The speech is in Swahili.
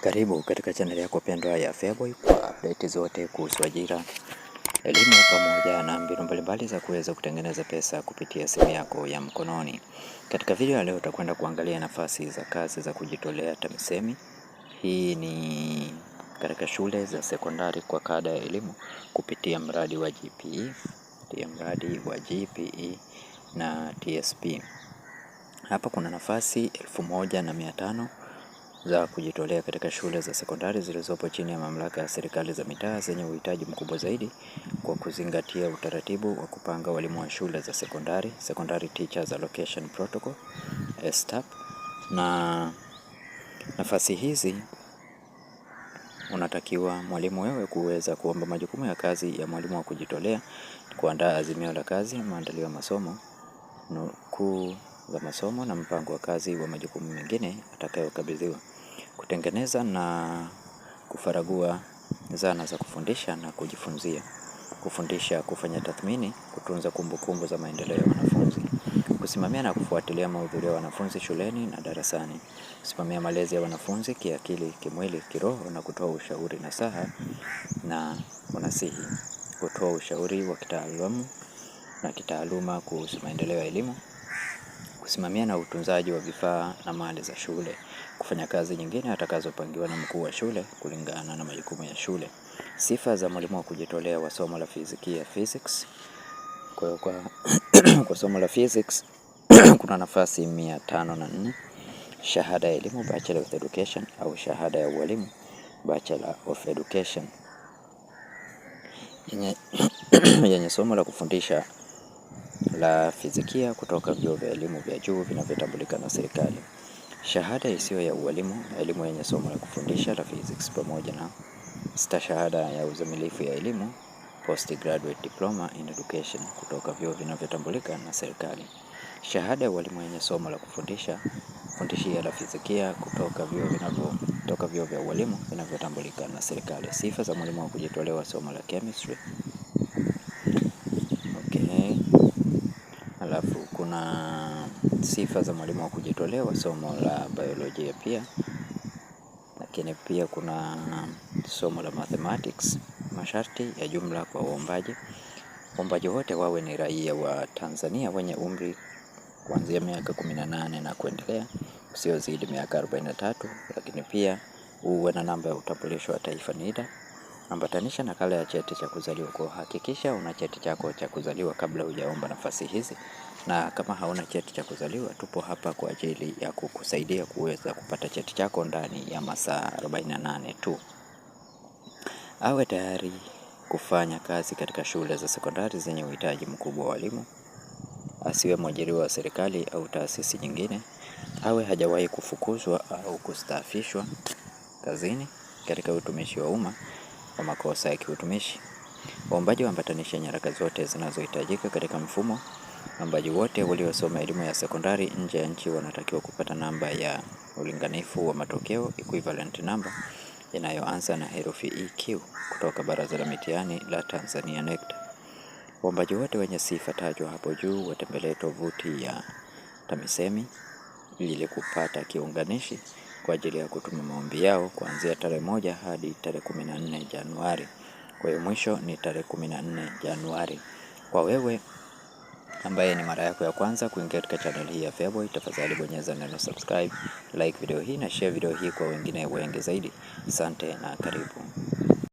Karibu katika chaneli yako pendwa ya FEABOY kwa update zote kuhusu ajira, elimu pamoja na mbinu mbalimbali za kuweza kutengeneza pesa kupitia simu yako ya mkononi. Katika video ya leo utakwenda kuangalia nafasi za kazi za kujitolea TAMISEMI. Hii ni katika shule za sekondari kwa kada ya elimu kupitia mradi wa GPE, kupitia mradi wa GPE na TSP. Hapa kuna nafasi elfu moja na mia tano za kujitolea katika shule za sekondari zilizopo chini ya mamlaka ya serikali za mitaa zenye uhitaji mkubwa zaidi kwa kuzingatia utaratibu wa kupanga walimu wa shule za sekondari, Secondary Teachers Allocation Protocol, STAP, na nafasi hizi unatakiwa mwalimu wewe kuweza kuomba majukumu ya kazi ya mwalimu wa kujitolea, kuandaa azimio la kazi, maandalio ya masomo nukuu za masomo na mpango wa kazi wa majukumu mengine atakayokabidhiwa kutengeneza na kufaragua zana za kufundisha na kujifunzia, kufundisha, kufanya tathmini, kutunza kumbukumbu za maendeleo ya wanafunzi, kusimamia na kufuatilia mahudhurio ya wanafunzi shuleni na darasani, kusimamia malezi ya wanafunzi kiakili, kimwili, kiroho na kutoa ushauri na saha na unasihi, kutoa ushauri wa kitaalamu na kitaaluma kuhusu maendeleo ya elimu kusimamia na utunzaji wa vifaa na mali za shule, kufanya kazi nyingine atakazopangiwa na mkuu wa shule kulingana na majukumu ya shule. Sifa za mwalimu wa kujitolea wa somo la fizikia physics. Kwa, kwa, kwa somo la physics kuna nafasi mia tano na nne. Shahada ya elimu Bachelor of Education au shahada ya ualimu Bachelor of Education yenye somo la kufundisha la fizikia kutoka vyuo vya elimu vya juu vinavyotambulika na serikali. Shahada isiyo ya ualimu, elimu yenye somo la kufundisha la physics, pamoja na stashahada ya uzamilifu ya elimu postgraduate diploma in education kutoka vyuo vinavyotambulika na serikali. Shahada ya ualimu yenye somo la kufundisha fundishia la fizikia kutoka vyuo vinavyotoka vyuo vya ualimu vinavyotambulika na serikali. Sifa za mwalimu wa kujitolewa somo la chemistry kuna sifa za mwalimu wa kujitolewa somo la biolojia pia, lakini pia kuna somo la mathematics, masharti ya jumla kwa waombaji. Waombaji wote wawe ni raia wa Tanzania wenye umri kuanzia miaka 18 na kuendelea, usiozidi miaka 43, lakini pia uwe na namba ya utambulisho wa taifa NIDA. Ambatanisha nakala ya cheti cha kuzaliwa kwa hakikisha una cheti chako cha kuzaliwa kabla hujaomba nafasi hizi, na kama hauna cheti cha kuzaliwa, tupo hapa kwa ajili ya kukusaidia kuweza kupata cheti chako ndani ya masaa 48 tu. Awe tayari kufanya kazi katika shule za sekondari zenye uhitaji mkubwa wa walimu. Asiwe mwajiriwa wa serikali au taasisi nyingine. Awe hajawahi kufukuzwa au kustaafishwa kazini katika utumishi wa umma kwa makosa ya kiutumishi. Waombaji waambatanishe nyaraka zote zinazohitajika katika mfumo. Waombaji wote waliosoma elimu ya sekondari nje ya nchi wanatakiwa kupata namba ya ulinganifu wa matokeo equivalent number inayoanza na herufi EQ kutoka Baraza la Mitihani la Tanzania NECTA. Waombaji wote wenye sifa tajwa hapo juu watembelee tovuti ya TAMISEMI ili kupata kiunganishi kwa ajili ya kutuma maombi yao kuanzia tarehe moja hadi tarehe kumi na nne Januari. Kwa hiyo mwisho ni tarehe kumi na nne Januari. Kwa wewe ambaye ni mara yako ya kwanza kuingia katika channel hii ya Feaboy, tafadhali bonyeza neno subscribe, like video hii na share video hii kwa wengine wengi zaidi. Asante na karibu.